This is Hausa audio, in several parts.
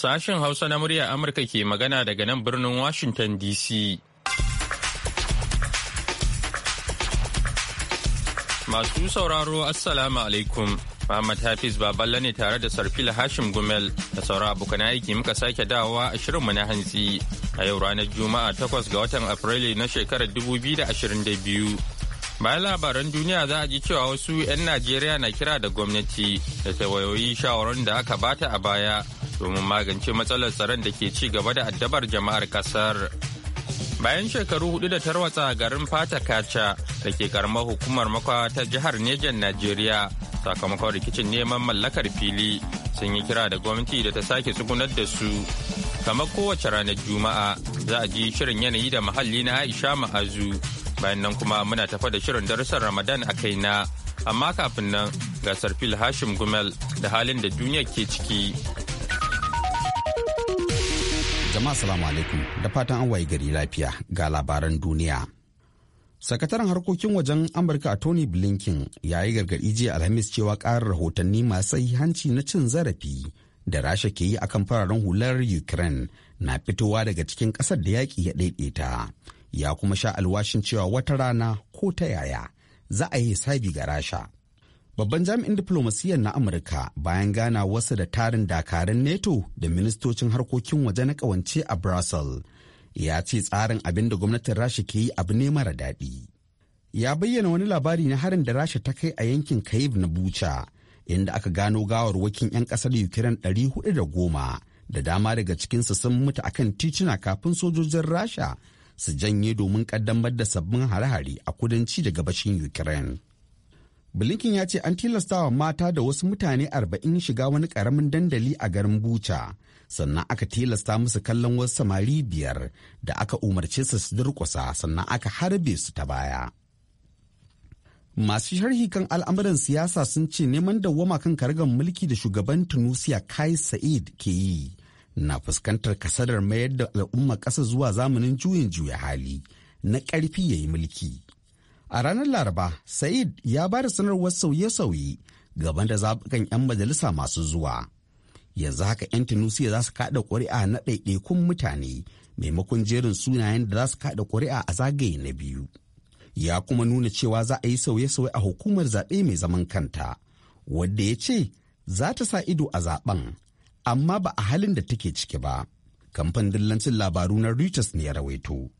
Sashen Hausa na murya Amurka ke magana daga nan birnin Washington DC. Masu sauraro Assalamu alaikum. Muhammad Hafiz Baballe ne tare da Sarfil Hashim Gumel da saura abokan aiki muka sake dawowa a shirin mu na hantsi a yau ranar Juma'a 8 ga watan Afrilu na shekarar 2022. bayan labaran duniya za a ji cewa wasu 'yan najeriya na kira da gwamnati da ta wayoyi shawarar da aka bata a baya domin magance matsalar tsaron da ke ci gaba da addabar jama'ar kasar. Bayan shekaru hudu da tarwatsa garin Fata Kacha da ke karamar hukumar makwa ta jihar Nejan Najeriya sakamakon rikicin neman mallakar fili sun yi kira da gwamnati da ta sake tsugunar da su. Kamar kowace ranar Juma'a za a ji shirin yanayi da muhalli na Aisha Ma'azu bayan nan kuma muna tafa da shirin darussan Ramadan a kaina amma kafin nan gasar fil Hashim Gumel da halin da duniya ke ciki. jama'a salamu alaikum da fatan an waye gari lafiya ga labaran duniya sakataren harkokin wajen amurka a tony blinken ya yi gargaɗi jiya alhamis cewa ƙarar rahotanni masu hanci na cin zarafi da rasha ke yi akan fararen hular ukraine na fitowa daga cikin ƙasar da yaƙi ya ɗaiɗaita ya kuma sha alwashin cewa wata rana ko ta yaya za a yi hisabi ga rasha Babban jami'in diflomasiyyar na Amurka bayan gana wasu da tarin dakarun NATO da ministocin harkokin waje na kawance a Brussels ya ce tsarin abin da gwamnatin Rasha ke yi abu ne mara daɗi. Ya bayyana wani labari na harin da Rasha ta kai a yankin Kyiv na Bucha inda aka gano gawarwakin 'yan ƙasar Ukraine 410 da goma da dama daga cikinsu sun mutu akan tituna kafin sojojin Rasha su janye domin ƙaddamar da sabbin hare-hare a kudanci da gabashin Ukraine. Blinken ya ce an tilastawa mata da wasu mutane arba'in shiga wani ƙaramin dandali a garin Bucha, sannan aka tilasta musu kallon wasu samari biyar da aka umarce su su durƙusa sannan aka harbe su ta baya. Masu sharhi kan al'amuran siyasa sun ce neman dawwama kan kargan mulki da shugaban Tunusia Kai Sa'id ke yi na fuskantar kasadar mayar da al'umma ƙasa zuwa zamanin juyin juya hali na ƙarfi ya yi mulki. A ranar Laraba, Said ya ba da sanarwar sauye-sauye gaban da zaɓukan 'yan majalisa masu zuwa. Yanzu haka 'yan Tunusiya za su kaɗa ƙuri'a na ɗaiɗaikun mutane maimakon jerin sunayen da za su kaɗa ƙuri'a a zagaye na biyu. Ya kuma nuna cewa za a yi sauye-sauye a hukumar zaɓe mai zaman kanta, wadda ya ce za ta sa ido a zaɓen, amma ba a halin da take ciki ba. Kamfan dillancin labaru na Reuters ne ya rawaito.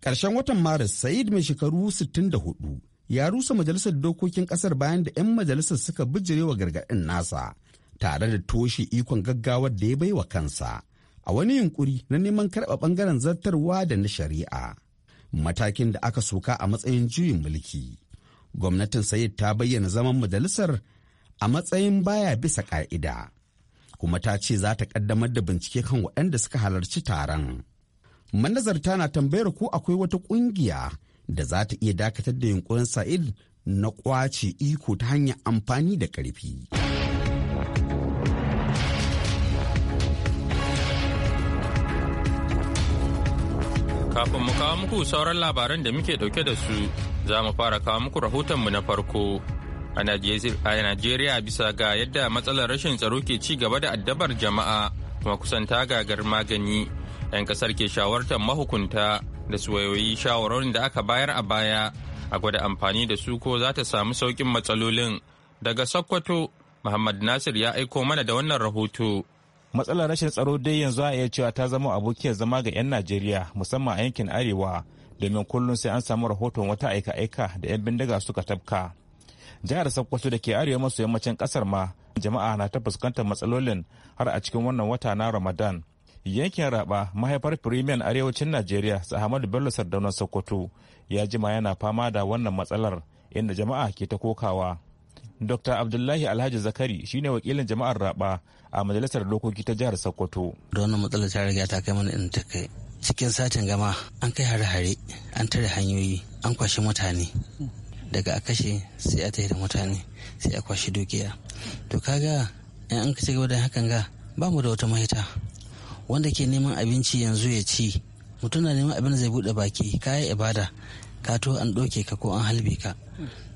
Ƙarshen watan Maris, Said mai shekaru 64 ya rusa majalisar dokokin ƙasar bayan da 'yan majalisar suka bijirewa gargaɗin nasa tare da toshe ikon gaggawar da ya baiwa kansa a wani yunkuri na neman karɓa ɓangaren zartarwa da na shari'a. Matakin da aka soka a matsayin juyin mulki. Gwamnatin Said ta bayyana zaman majalisar a matsayin baya bisa ƙa'ida. kuma ta ce za ta ƙaddamar da bincike kan waɗanda suka halarci taron. manazarta na tambayar ko akwai wata kungiya da za ta iya dakatar da yunkurin sa'id na kwace iko ta hanyar amfani da karfi. Kafin mu kawo muku sauran labaran da muke dauke da su, za mu fara kawo muku rahotonmu na farko. A Najeriya bisa ga yadda matsalar rashin tsaro ke ci gaba da addabar jama'a kuma kusanta gagar magani 'yan kasar ke shawartar mahukunta da su wayoyi shawarorin da aka bayar a baya a gwada amfani da su ko za ta samu sauƙin matsalolin daga sokoto muhammad nasir ya aiko mana da wannan rahoto matsalar rashin tsaro dai yanzu a iya cewa ta zama abokiyar zama ga 'yan najeriya musamman a yankin arewa domin kullum sai an samu rahoton wata aika-aika da 'yan bindiga suka tafka jihar sokoto da ke arewa maso yammacin kasar ma jama'a na ta fuskantar matsalolin har a cikin wannan wata na ramadan yankin raba mahaifar firimiyan arewacin najeriya ahmadu bello sardaunar sokoto ya jima yana fama da wannan matsalar inda jama'a ke ta kokawa dr abdullahi alhaji zakari shine wakilin jama'ar raba a majalisar dokoki ta jihar sokoto da wannan matsalar ta riga ta kai mana in ta kai cikin satin gama an kai hare-hare an tare hanyoyi an kwashe mutane daga a kashe sai a tafi da mutane sai a kwashe dukiya to kaga in an ka ci gaba da hakan ga ba mu da wata mahita wanda ke neman abinci yanzu ya ci mutum na neman abin da zai bude baki kayan ibada ka to an doke ka ko an halbe ka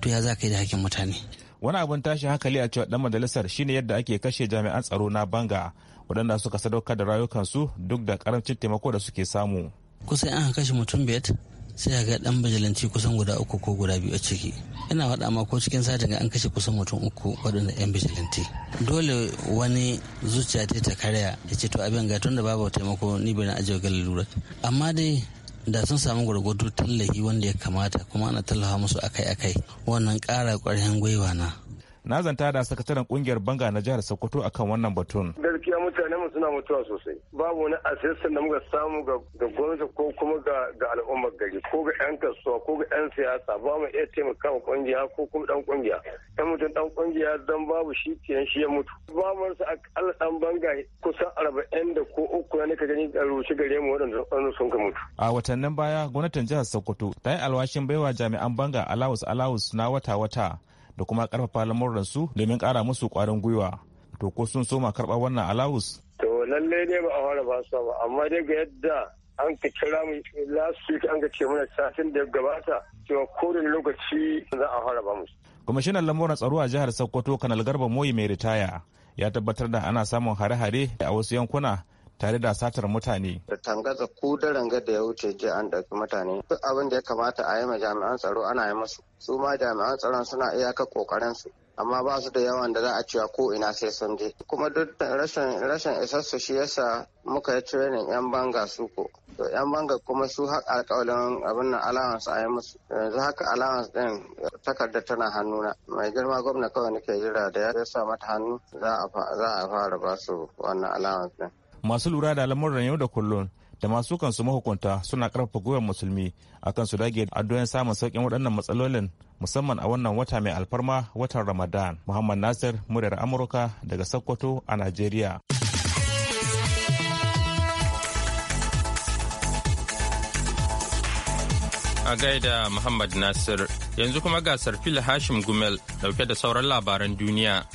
to ya za ka yi da hakkin mutane wani abin tashi hankali a cewa dan majalisar shine yadda ake kashe jami'an tsaro na banga waɗanda suka sadaukar da rayukansu duk da karamcin taimako da suke samu kusa an kashe mutum biyar sai ga dan bajalanci kusan guda uku ko guda biyu a ciki ina faɗa ma ko cikin satin an kashe kusan mutum uku waɗanda yan bijilanti dole wani zuciya ta ta karya ya ce to abin ga tunda babu taimako ni bai na ajiye ga lura amma dai da sun samu gwargwado tallafi wanda ya kamata kuma ana tallafa musu akai-akai wannan kara kwaryan gwiwa na na zanta da sakataren kungiyar banga na jihar sokoto akan wannan batun gaskiya mutane mu suna mutuwa sosai babu wani asirsan da muka samu ga gwamnati ko kuma ga al'ummar gari ko ga yan kasuwa ko ga yan siyasa ba mu iya taimaka wa kungiya ko kuma dan kungiya dan mutum dan kungiya dan babu shi kenan shi ya mutu ba mu rasa akalla dan banga kusan arba'in da ko uku ne ka gani a rushe gare mu waɗanda sun ka mutu a watannin baya gwamnatin jihar sokoto ta yi alwashin baiwa jami'an banga alawus alawus na wata-wata da kuma karfafa lamuran su domin kara musu kwarin gwiwa to ko sun soma karba wannan alawus to lalle ne ba a fara ba su ba amma dai ga yadda an ka kira mu last week an ka ce mana satin da gabata ko da lokaci za a fara ba mu kwamishinan lamuran tsaro a jihar sokoto kanal garba moyi mai ritaya ya tabbatar da ana samun hare-hare a wasu yankuna tare da satar mutane. Da tangaza ku da ranga da ya wuce je an ɗauki mutane. Duk abin da ya kamata a yi ma jami'an tsaro ana yi musu. Su ma jami'an tsaron suna iyaka kokarin su. amma ba su da yawan da za a cewa ko ina sai sun je kuma duk rashin rashin isassu shi yasa muka yi training yan banga su ko to yan banga kuma su haƙa alƙawalin abin nan allowance a yi musu yanzu haka allowance ɗin takarda tana hannuna mai girma gwamna kawai nake jira da ya sa mata hannu za a fara ba su wannan allowance din masu lura da lamuran yau da kullum da masu kansu mahukunta suna karfafa gwiwar musulmi akan su dage addu'an samun saukin waɗannan matsalolin musamman a wannan wata mai alfarma watan ramadan muhammad nasir muryar amurka daga sokoto a najeriya a gaida Muhammad Nasir yanzu kuma gasar fil Hashim Gumel dauke da sauran labaran duniya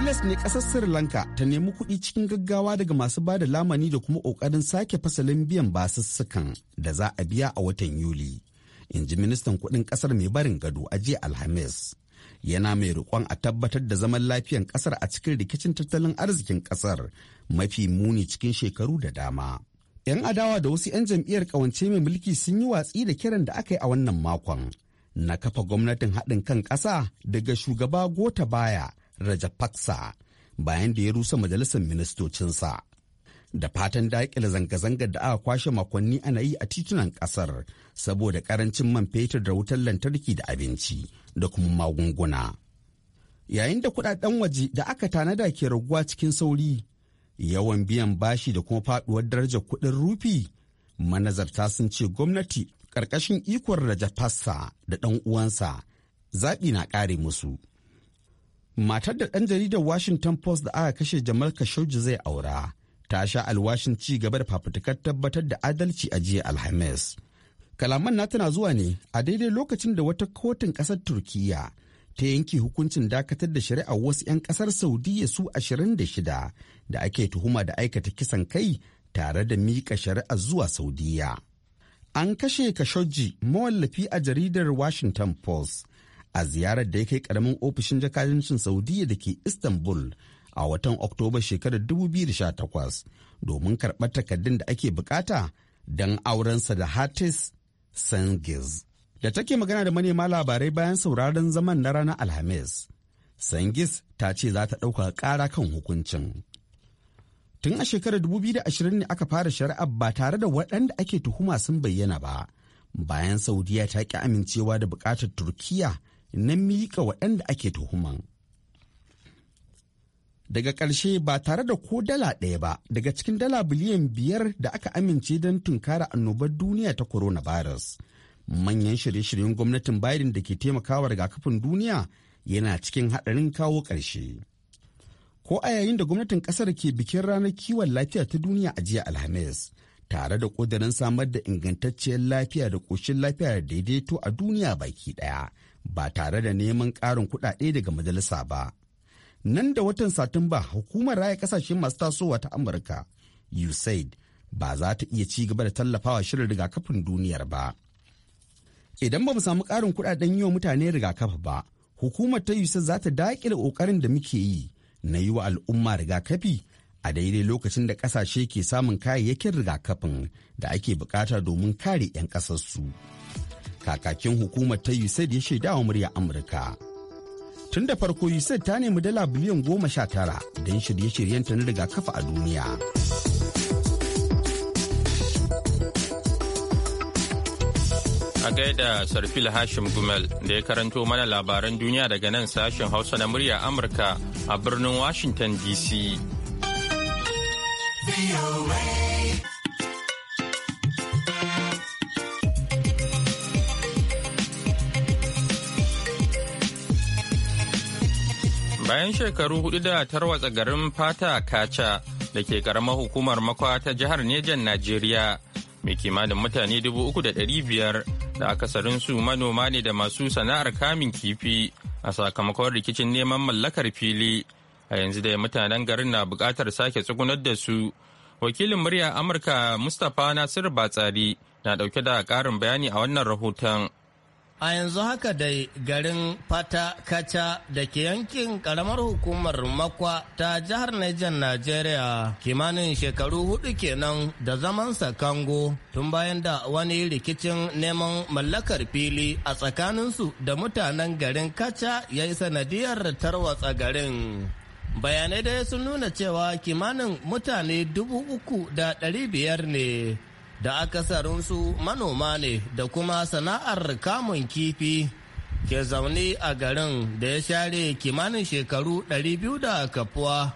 tilas ne ƙasar sri lanka ta nemi kuɗi cikin gaggawa daga masu ba da lamani da kuma ƙoƙarin sake fasalin biyan basussukan da za a biya a watan yuli in ji ministan kuɗin ƙasar mai barin gado a jiya alhamis yana mai riƙon a tabbatar da zaman lafiyan ƙasar a cikin rikicin tattalin arzikin ƙasar mafi muni cikin shekaru da dama 'yan adawa da wasu 'yan jam'iyyar ƙawance mai mulki sun yi watsi da kiran da aka yi a wannan makon na kafa gwamnatin haɗin kan ƙasa daga shugaba gota baya Rajapaksa bayan da ya rusa majalisar ministocinsa. Da fatan daƙile zanga-zangar da aka kwashe makonni ana yi a titunan ƙasar saboda ƙarancin man fetur da wutar lantarki da abinci da kuma magunguna. Yayin da kuɗaɗen waje da aka tanada ke raguwa cikin sauri, yawan biyan bashi da kuma faɗuwar darajar kuɗin rufi, manazarta sun ce gwamnati ƙarƙashin ikon Rajapaksa da ɗan uwansa zaɓi na ƙare musu. matar da ɗan jaridar washington post da aka kashe jamal khashoggi zai aura ta sha alwashin ci gaba da fafutukar tabbatar da adalci a jiya alhamis kalaman na tana zuwa ne a daidai lokacin da wata kotun ƙasar turkiya ta yanke hukuncin dakatar da shari'a wasu 'yan ƙasar saudiya su 26 da ake tuhuma da aikata kisan kai tare da miƙa shari'a zuwa saudiya an kashe khashoggi mawallafi a jaridar washington post a ziyarar da ya kai karamin ofishin jakadancin saudiya da ke istanbul a watan oktoba shekarar 2018 domin karɓar takardun da ake bukata don aurensa da hatis sengiz da take magana da manema labarai bayan sauraron zaman na ranar alhamis sangis ta ce za ta ɗauka ƙara kan hukuncin tun a shekarar 2020 ne aka fara shari'ar? ba tare da waɗanda ake tuhuma sun bayyana ba bayan saudiya ta ƙi amincewa da buƙatar Turkiyya. na miƙa waɗanda ake tuhuman. Daga ƙarshe ba tare da ko dala ɗaya ba daga cikin dala biliyan biyar da aka amince don tunkara annobar duniya ta coronavirus. Manyan shirye-shiryen gwamnatin Biden da ke taimakawa rigakafin duniya yana cikin haɗarin kawo ƙarshe. Ko a yayin da gwamnatin ƙasar ke bikin ranar kiwon lafiya ta duniya a jiya Alhamis, tare da ƙudurin samar da ingantacciyar lafiya da ƙoshin lafiya da daidaito a duniya baki ɗaya ba tare da neman ƙarin kuɗaɗe daga majalisa ba. Nan da watan Satumba hukumar raya kasashen masu tasowa ta Amurka USAID ba za ta iya ci gaba da tallafawa shirin rigakafin duniyar ba. Idan ba mu samu ƙarin kuɗaɗen yi wa mutane rigakafi ba, hukumar ta USAID za ta daƙile ƙoƙarin da muke yi na yi wa al'umma rigakafi a daidai lokacin da ƙasashe ke samun kayayyakin rigakafin da ake bukata domin kare 'yan ƙasarsu. su. kakakin hukumar ta USAID ya shaida wa murya Amurka. Tun da farko USAID ta nemi dala biliyan goma sha tara don shirye shiryen ta na rigakafa a duniya. A gaida Sarfil Hashim Gumel da ya karanto mana labaran duniya daga nan sashen Hausa na murya Amurka a birnin Washington DC. Bayan shekaru hudu da tarwatsa garin fata Kacha da ke karamar hukumar makwa ta jihar Nejan Najeriya, mai kimanin mutane dubu uku da ɗari biyar da akasarin su manoma ne da masu sana'ar kamin kifi a sakamakon rikicin neman mallakar fili. A yanzu dai mutanen garin na bukatar sake tsugunar da su. Wakilin murya Amurka Mustapha Nasir Batsari na ɗauke da ƙarin bayani a wannan rahoton. A yanzu haka dai garin Fata Kacha da ke yankin karamar hukumar Makwa ta jihar Niger Najeriya kimanin shekaru hudu kenan da zamansa Kango tun bayan da wani rikicin neman mallakar fili a tsakaninsu da mutanen garin Kacha ya yi sanadiyar tarwatsa garin. Bayanai dai sun nuna cewa kimanin mutane dubu uku da ɗari biyar ne da akasarinsu manoma ne da kuma sana'ar kamun kifi ke zaune a garin da ya share kimanin shekaru 200 da kafuwa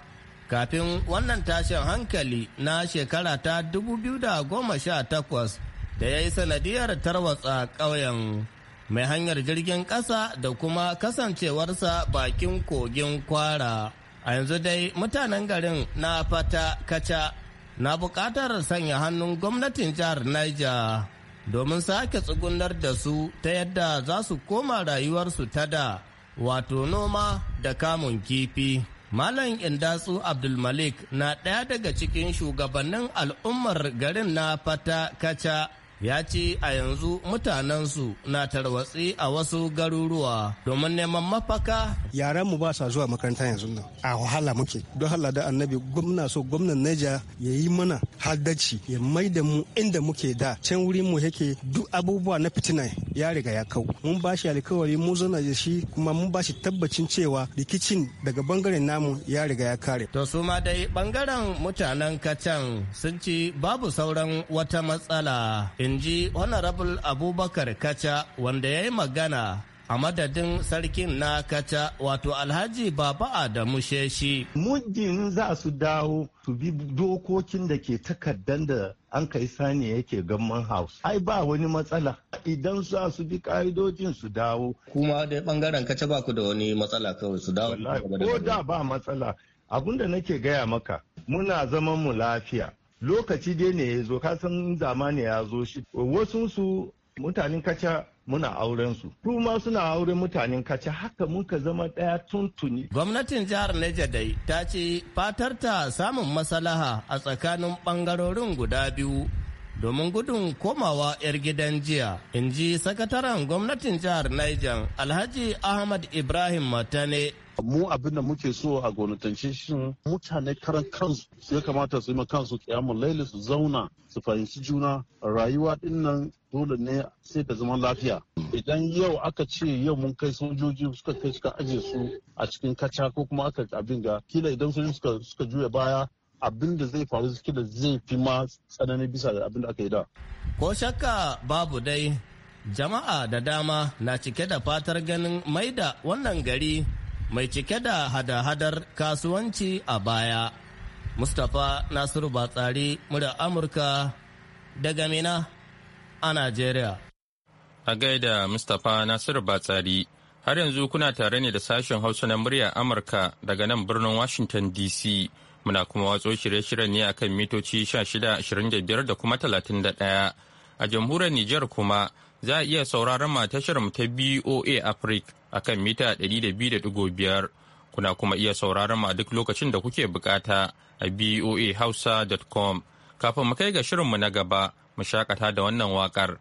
kafin wannan tashin hankali na shekara ta 2018 da ya yi sanadiyar tarwatsa ƙauyen mai hanyar jirgin ƙasa da kuma kasancewarsa bakin kogin kwara a yanzu dai mutanen garin na fata kaca na buƙatar sanya hannun gwamnatin jihar Niger domin sake tsugunar da su ta yadda za su koma rayuwarsu ta da wato noma da kamun kifi. Malam Indatsu Abdulmalik na ɗaya daga cikin shugabannin al'ummar garin na fata kaca ya ce a yanzu mutanensu na tarwatsi a wasu garuruwa domin neman mafaka. Yaran mu ba sa zuwa makaranta yanzu nan a wahala muke don hala da annabi gwamna so gwamnan Neja ya yi mana haddaci ya mai da mu inda muke da can wurin mu yake duk abubuwa na fitina ya riga ya kau mun ba shi alkawari mu zana da shi kuma mun ba shi tabbacin cewa rikicin daga bangaren namu ya riga ya kare. To su ma dai bangaren mutanen kacan sun ci babu sauran wata matsala in ji honorable abubakar kacha wanda ya yi magana a madadin sarkin na kacha wato alhaji baba adamu sheshi muddin za su dawo su bi dokokin da ke takardar da an kai sani yake gamman house ai ba wani matsala idan za su bi ka'idojin su dawo kuma dai bangaren kacha ba ku da wani matsala kawai su dawo ko da ba matsala abun nake gaya maka muna zaman mu lafiya lokaci dai ne ya zo kasan zamani ya zo shi su mutanen kaca muna auren su kuma suna auren mutanen kaca haka muka zama daya tuntuni gwamnatin jihar Niger dai ta ce fatarta samun masalaha a tsakanin bangarorin guda biyu domin gudun komawa 'yar gidan jiya in ji sakataren gwamnatin jihar Niger alhaji ahmad ibrahim matane mu abin da muke so a gwamnatance shi mutane karan kansu ya kamata su yi ma kansu kiyamun laili su zauna su fahimci juna rayuwa din nan dole ne sai ta zama lafiya idan yau aka ce yau mun kai sojoji suka kai suka aje su a cikin kaca ko kuma aka abin ga kila idan sojoji suka juya baya abin da zai faru suke da zai fi ma tsanani bisa da abin da aka yi da. Ko shakka babu dai jama'a da dama na cike da fatar ganin maida wannan gari mai cike da hada-hadar kasuwanci a baya. Mustapha Nasiru Batsari mura Amurka daga Mina a Najeriya. A gaida Mustapha Nasiru Batsari har yanzu kuna tare ne da sashen Hausa na murya Amurka daga nan birnin Washington DC. Muna kuma watso shirye-shiryen ne akan mitoci 16, 25 da kuma 31. A jamhuriyar Nijar kuma za a iya sauraron ma tashar mu ta BOA Africa akan mita 200.5 kuna kuma iya sauraron ma duk lokacin da kuke bukata a boahausa.com kafin mu kai ga shirin mu na gaba mu shakata da wannan waƙar.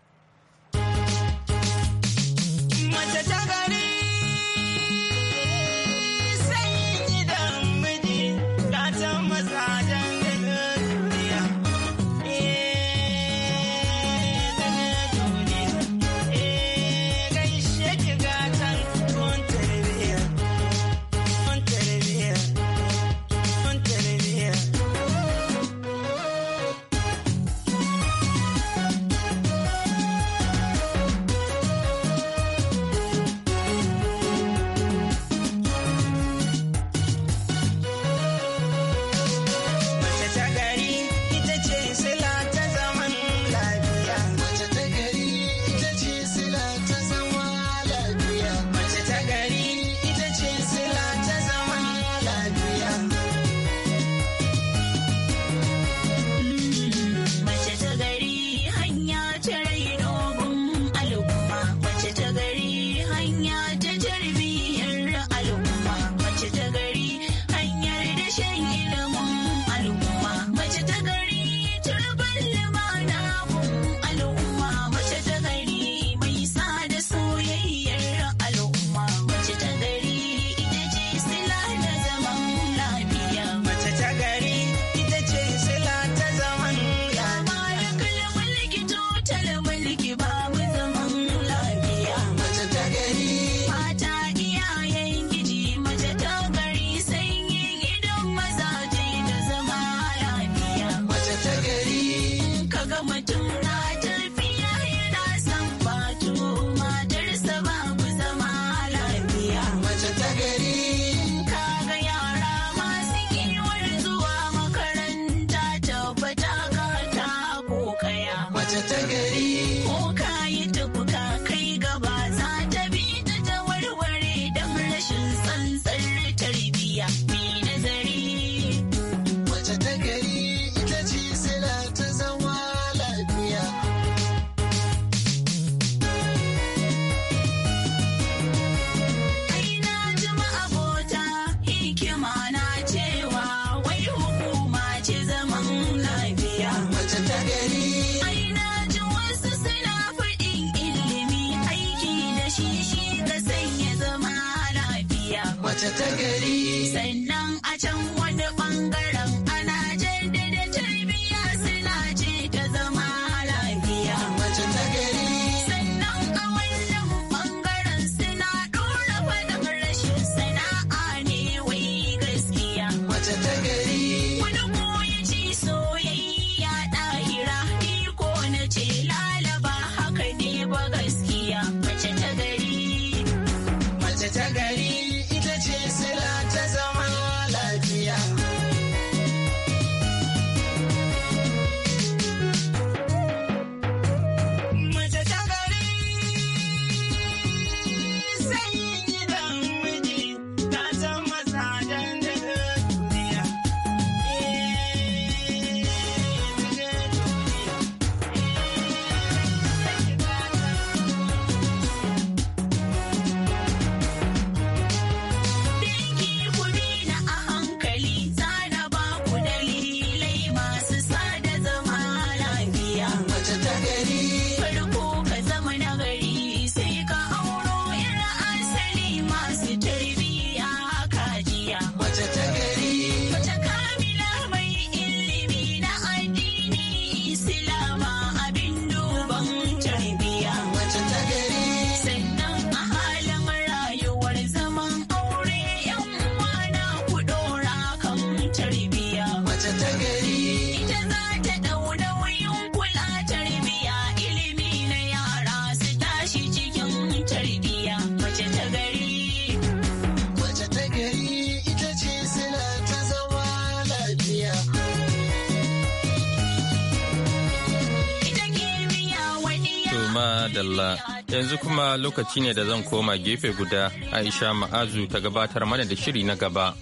Allah yanzu kuma lokaci ne da zan koma gefe guda aisha ma'azu ta gabatar mana da shiri na gaba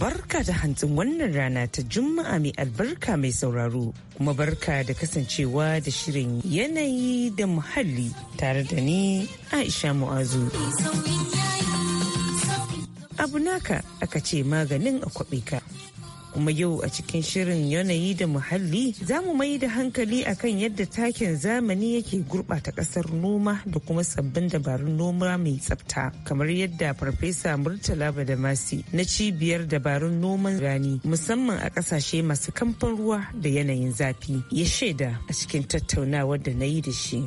barka da hantsin wannan rana ta juma'a mai albarka mai sauraro kuma barka da kasancewa da shirin yanayi da muhalli tare da ni aisha mu'azu. abu naka aka ce maganin a kwaɓe ka. Kuma yau a cikin shirin yanayi da muhalli za mu mai da hankali a kan yadda takin zamani yake gurɓata ƙasar noma da kuma sabbin dabarun noma mai tsafta kamar yadda Farfesa Murtala Badamasi na cibiyar dabarun noman rani musamman a ƙasashe masu kamfan ruwa da yanayin zafi ya shaida a cikin tattaunawar da na yi da shi.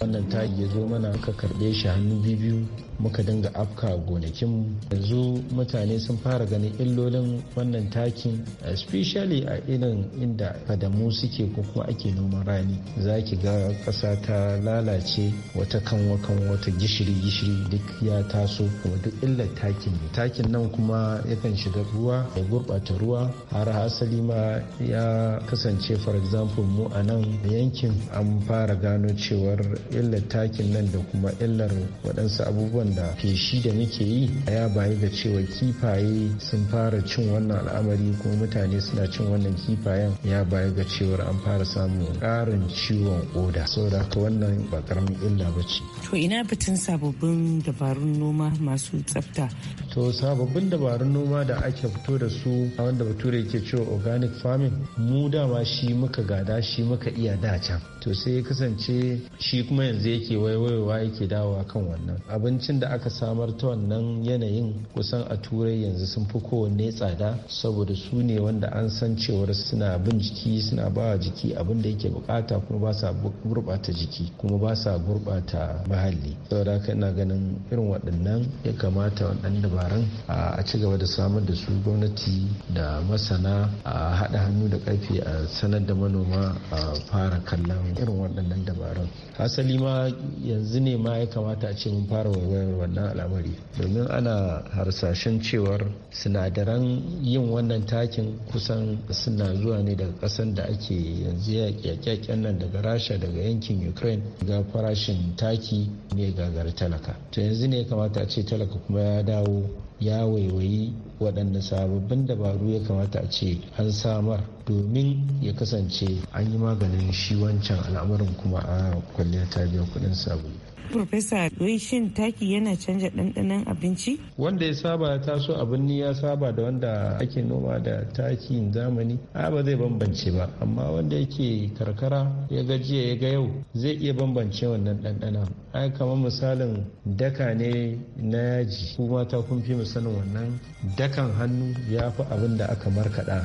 wannan ta ya zo mana aka karɓe shi hannu biyu muka dinga afka gonakin yanzu mutane sun fara ganin illolin wannan takin especially a irin inda fadamu suke ko kuma ake noman rani za ki ga ƙasa ta lalace wata kanwa kan wata gishiri gishiri duk ya taso kuma duk illar takin ne takin nan kuma yakan shiga ruwa ya gurɓata ruwa har hasali ma ya kasance for example mu a nan yankin an fara gano cewar illar takin nan da kuma illar waɗansu abubuwan da feshi da muke yi a ya bayi da cewa kifaye sun fara cin wannan al'amari kuma mutane suna cin wannan kifayen ya bayi ga cewar an fara samun ƙarin ciwon koda saboda haka wannan ba karamin illa ba ce. To ina batun sababbin dabarun noma masu tsafta. To sababbin dabarun noma da ake fito da su a wanda bature yake cewa organic farming mu dama shi muka gada shi muka iya da can. To sai ya kasance shi kuma yanzu yake waiwayowa yake dawowa kan wannan. Abincin lokacin da aka samar ta wannan yanayin kusan a turai yanzu sun fi kowanne tsada saboda su ne wanda an san cewar suna bin jiki suna ba wa jiki abin da yake bukata kuma ba sa gurɓata jiki kuma ba sa gurɓata muhalli saboda haka ina ganin irin waɗannan ya kamata waɗannan dabarun a ci gaba da samar da su gwamnati da masana a haɗa hannu da ƙarfe a sanar da manoma a fara kallon irin waɗannan dabarun hasali ma yanzu ne ma ya kamata a ce mun fara waiwayar kan wannan al'amari domin ana harsashen cewar sinadaran yin wannan takin kusan suna zuwa ne daga kasan da ake yanzu yaƙyaƙyaƙen nan daga rasha daga yankin ukraine ga farashin taki ne gagar talaka to yanzu ne kamata a ce talaka kuma ya dawo ya waiwayi waɗanda sababbin dabaru ya kamata a ce an samar domin ya kasance an yi maganin shi wancan al'amarin kuma a kwalliya ta biya kuɗin sabulu Profesa wai shin taki yana canja ɗanɗanon abinci? Wanda ya saba ya taso abin ya saba da wanda ake noma da takin zamani a ba zai bambance ba amma wanda yake karkara ya ga jiya ya ga yau zai iya bambance wannan ɗanɗanon. Ai kamar misalin daka ne na yaji kuma ta kun fi sanin wannan dakan hannu ya fi abin da aka markaɗa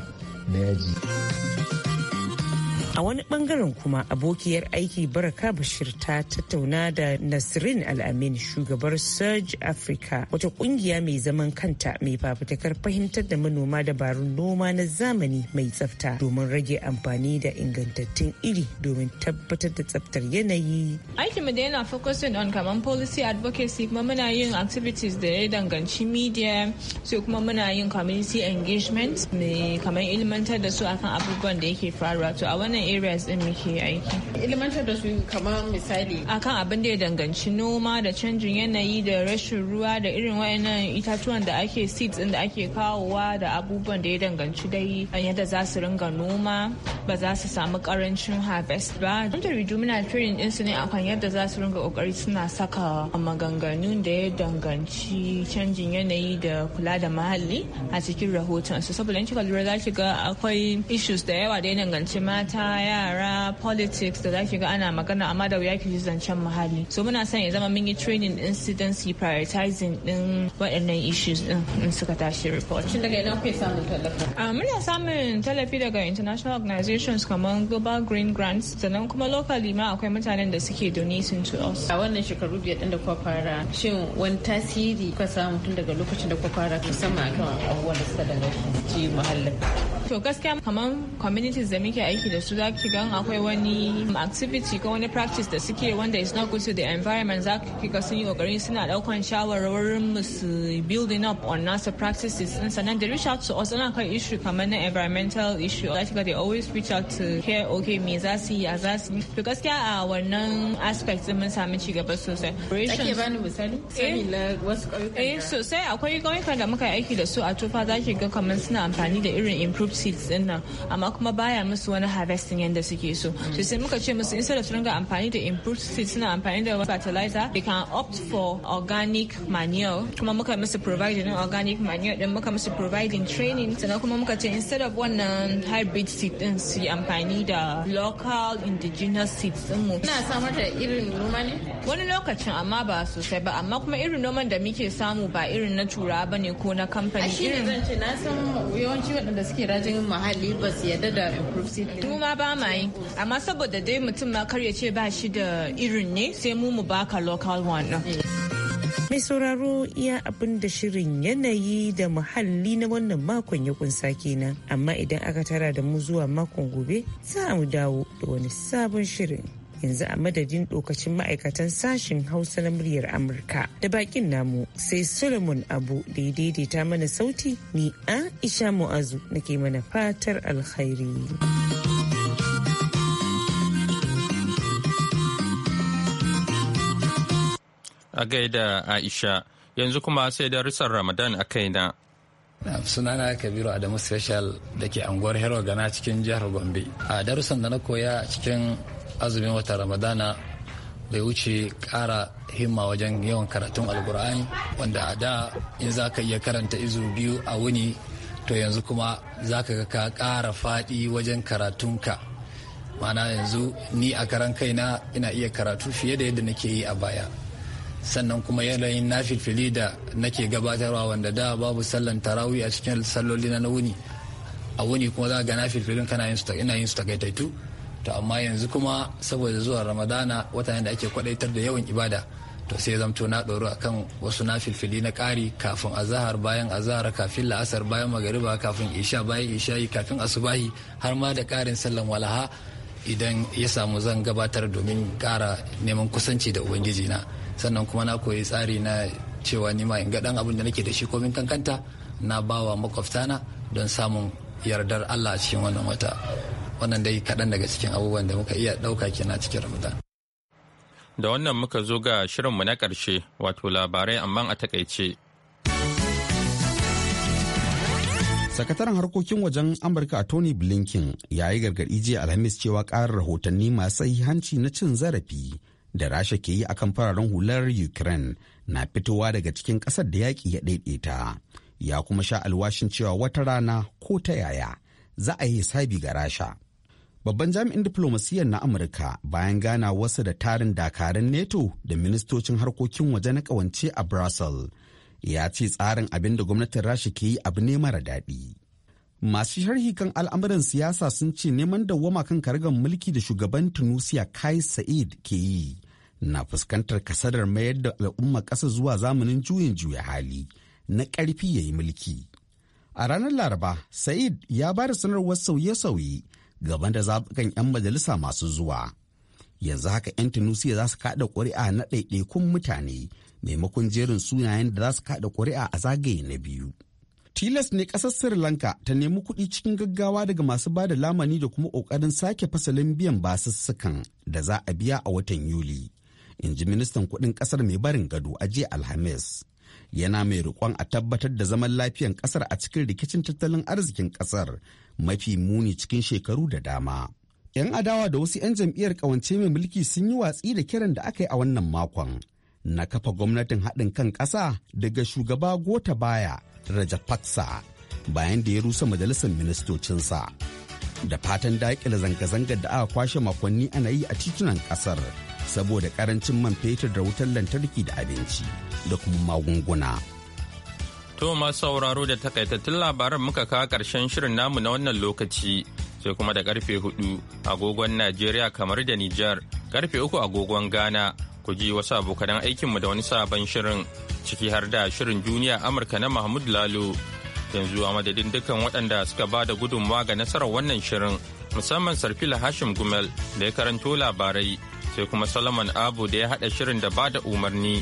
na yaji. a wani bangaren kuma abokiyar aiki baraka bashir ta tattauna da nasirin al'amin shugabar surge africa wata kungiya mai zaman kanta mai fafutakar fahimtar da manoma dabarun noma na zamani mai tsafta domin rage amfani da ingantattun iri domin tabbatar da tsaftar yanayi aikinmu da yana focusing on kaman policy advocacy kuma muna yin activities da ya danganci media sai kuma muna yin community engagement mai kaman ilmantar da su akan abubuwan da yake faruwa to a wannan areas din muke aiki ilimantar da su kamar misali akan abin da ya danganci noma da canjin yanayi da rashin ruwa da irin wayannan itatuwan da ake seeds din da ake kawowa da abubuwan da ya danganci dai yadda za su ringa noma ba za su samu karancin harvest ba don jaridu muna training din su ne akan yadda za su ringa kokari suna saka maganganun da ya danganci canjin yanayi da kula da muhalli a cikin rahoton su saboda in kika lura za ki ga akwai issues da yawa da ya danganci mata yara politics da zaki ga ana magana amma da wuya ki zancen muhalli so muna son ya zama mun yi training din prioritizing din waɗannan issues din in suka tashi report shin daga ina kuke samun tallafi ah, muna samun tallafi daga international organizations kamar global green grants sannan kuma locally ma akwai mutanen da suke donating to us a wannan shekaru biyar din da kuka fara shin wani tasiri kuka samu tun daga lokacin da kuka fara musamman akan abubuwan da suka danganci muhallin To gaskiya kamar communities da muke aiki da su za ki gan akwai wani activity ko wani practice da suke wanda is not good to the environment za ki ga sun yi kokari suna daukan shawarwarin musu building up on nasa practices din sannan they reach out to us ana kan issue kamar na environmental issue za ki ga they always reach out to care okay me za su yi a za su yi. To gaskiya a wannan aspect din mun sami ci gaba sosai. Ake bani misali? Eh. Sani na wasu ƙauyukan. Eh sosai akwai ƙauyukan da muka aiki da su a tufa za ki ga kamar suna amfani da irin improved seeds din nan amma kuma baya musu wani harvesting yadda suke so mm. to sai muka ce musu instead of su ringa amfani da improved seeds suna amfani da fertilizer they can opt for organic manure kuma muka musu providing organic manure din muka musu providing training sannan kuma muka ce instead of wannan hybrid seed din su amfani da local indigenous seeds din mu ina samar da irin noma ne wani lokacin amma ba sosai ba amma kuma irin noman da muke samu ba irin na turawa bane ko na kamfani irin na san yawanci waɗanda suke rajin gwamnatin muhalli ba su yarda da improved seedling mu ma ba ma yi amma saboda dai mutum ma kar ya ce ba shi da irin ne sai mu mu baka local one din mai sauraro iya abin da shirin yanayi da muhalli na wannan makon ya kunsa kenan amma idan aka tara da mu zuwa makon gobe za mu dawo da wani sabon shirin yanzu a madadin dokacin ma'aikatan sashen hausa na muryar amurka da bakin namu sai solomon abu da ya daidaita mana sauti ni aisha mu'azu na ke mana fatar alkhairi. a gaida Aisha yanzu kuma sai darussan Ramadan a kaina. sunana kabiru adamu special da ke anguwar hero gana cikin jihar gombe a darussan da na koya cikin azumin wata ramadana bai wuce kara himma wajen yawan karatun alkur'ani wanda a da in za ka iya karanta izu biyu a wuni to yanzu kuma za ka ka kara faɗi wajen karatunka mana yanzu ni a karan kaina ina iya karatu fiye da yadda nake yi a baya sannan kuma yanayin na filfili da nake gabatarwa wanda da babu sallan tarawi a cikin salloli na wuni a wuni kuma za ga na filfilin kana yin su ina yin su takaitaitu to amma yanzu kuma saboda zuwa ramadana wata da ake kwadaitar da yawan ibada to sai zamto na ɗoro akan wasu na filfili na ƙari kafin azahar bayan azahar kafin la'asar bayan magariba kafin isha bayan isha kafin asubahi har ma da ƙarin sallan walaha idan ya samu zan gabatar domin ƙara neman kusanci da ubangiji na sannan kuma na koyi tsari na cewa nima in ga ɗan abin da nake da shi komin kankanta na bawa makwabtana don samun yardar allah cikin wannan wata wannan dai kaɗan daga cikin abubuwan da muka iya ɗauka kenan cikin ramadan da wannan muka zo ga shirinmu na ƙarshe wato labarai amma a takaice sakataren harkokin wajen amurka a tony blinken ya yi gargaɗi jiya alhamis cewa ƙarar rahotanni masu sahihanci na cin zarafi da rasha ke yi akan fararen hular ukraine na fitowa daga cikin ƙasar da yaƙi ya ɗaiɗaita ya kuma sha alwashin cewa wata rana ko ta yaya za a yi hisabi ga rasha babban jami'in diflomasiyyar na amurka bayan gana wasu da tarin dakarun neto da ministocin harkokin waje na kawance a brussels ya ce tsarin abin da gwamnatin Rashi ke yi abu ne mara daɗi masu sharhi kan al'amuran siyasa sun ce neman dawwama kan kargan mulki da shugaban tunisia kai sa'id ke yi na fuskantar kasadar mayar da al'umma ƙasa zuwa zamanin juyin juya hali na ƙarfi ya yi mulki a ranar laraba sa'id ya ba da sanarwar sauye-sauye gaban da zaɓukan 'yan majalisa masu zuwa. Yanzu haka 'yan Tunusiya za su kaɗa ƙuri'a na ɗaiɗaikun mutane maimakon jerin sunayen da za su kaɗa ƙuri'a a zagaye na biyu. Tilas ne ƙasar Sri Lanka ta nemi kuɗi cikin gaggawa daga masu ba da lamani da kuma ƙoƙarin sake fasalin biyan basussukan da za a biya a watan Yuli. In ji ministan kuɗin ƙasar mai barin gado a jiya Alhamis. Yana mai riƙon a tabbatar da zaman lafiyan ƙasar a cikin rikicin tattalin arzikin ƙasar mafi muni cikin shekaru da dama. 'Yan adawa da wasu 'yan jam'iyyar ƙawance mai mulki sun yi watsi da kiran da aka yi a wannan makon na kafa gwamnatin haɗin kan ƙasa daga shugaba Gota Baya Raja Rajapaksa bayan da ya rusa majalisar ministocinsa. Da fatan daƙile zanga-zangar da aka kwashe makonni ana yi a titunan ƙasar saboda ƙarancin man fetur da wutar lantarki da abinci da kuma magunguna. To masu sauraro da takaitattun labaran muka kawo ƙarshen shirin namu na wannan lokaci sai kuma da karfe hudu agogon Najeriya kamar da Nijar, karfe uku agogon Ghana ku ji wasu abokanan aikinmu da wani sabon shirin ciki har da shirin duniya Amurka na Mahmud Lalo. Yanzu a madadin dukkan waɗanda suka ba da gudunmawa ga nasarar wannan shirin musamman Sarfila Hashim Gumel da ya karanto labarai sai kuma Solomon Abu da ya haɗa shirin da ba da umarni.